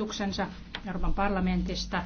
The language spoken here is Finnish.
vaikutuksensa Euroopan parlamentista